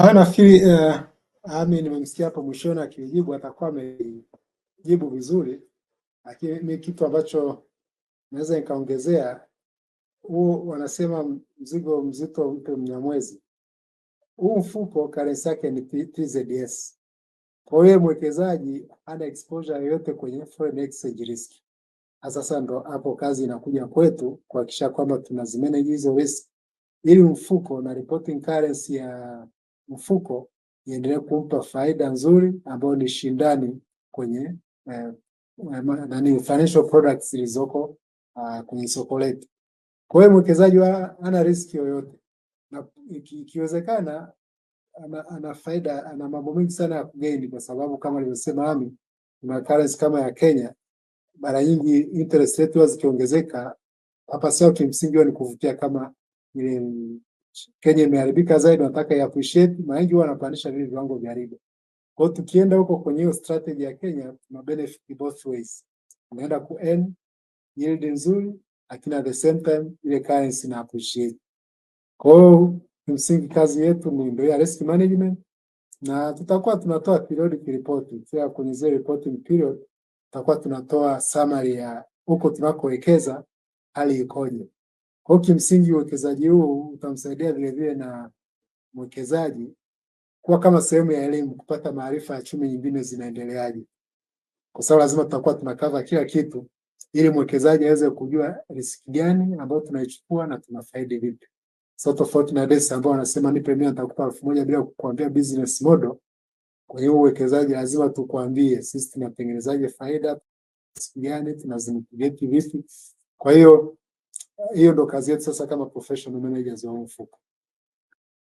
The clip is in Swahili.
Hayo nafikiri uh, Ami nimemsikia hapo mwishoni akijibu, atakuwa amejibu vizuri, lakini kitu ambacho naweza nikaongezea, huo wanasema mzigo mzito mpe Mnyamwezi. Huu mfuko karensi yake ni TZS, kwa hiyo mwekezaji hana exposure yoyote kwenye foreign exchange risk. Sasa ndo hapo kazi inakuja kwetu kuhakikisha kwamba tunazimanage hizo risk ili mfuko na reporting currency ya mfuko iendelee kumpa faida nzuri ambayo ni shindani kwenye eh, nani financial products zilizoko uh, kwenye soko letu. Kwa hiyo mwekezaji ana riski yoyote, na ikiwezekana ana, ana faida ana mambo mengi sana ya kugeni, kwa sababu kama alivyosema Ami, kuna currency kama ya Kenya, mara nyingi interest rate zikiongezeka hapa, sio kimsingi ni kuvutia kama ile Kenya imeharibika zaidi, nataka ya appreciate na wengi wanapandisha vile viwango vya riba. Kwa hiyo tukienda huko kwenye hiyo strategy ya Kenya tuna benefit both ways. Unaenda ku earn yield nzuri lakini at the same time ile currency na appreciate. Kwa hiyo kimsingi kazi yetu ni ndio ya risk management na tutakuwa tunatoa periodic report, pia kwenye zile reporting period tutakuwa tunatoa summary ya huko tunakowekeza hali ikoje. Kwa kimsingi uwekezaji huu utamsaidia vilevile na mwekezaji kuwa kama sehemu ya elimu, kupata maarifa ya chumi nyingine zinaendeleaje, kwa sababu lazima tutakuwa tunakava kila kitu, ili mwekezaji aweze kujua risk gani ambayo tunaichukua na tunafaidi vipi. So tofauti na desi ambao wanasema nipe mia nitakupa elfu moja bila kukuambia business model, kwenye huo uwekezaji lazima tukuambie sisi tunatengenezaje faida, risk gani, tunazimitigeti vipi. Kwa hiyo hiyo ndo kazi yetu sasa kama professional managers wa mfuko.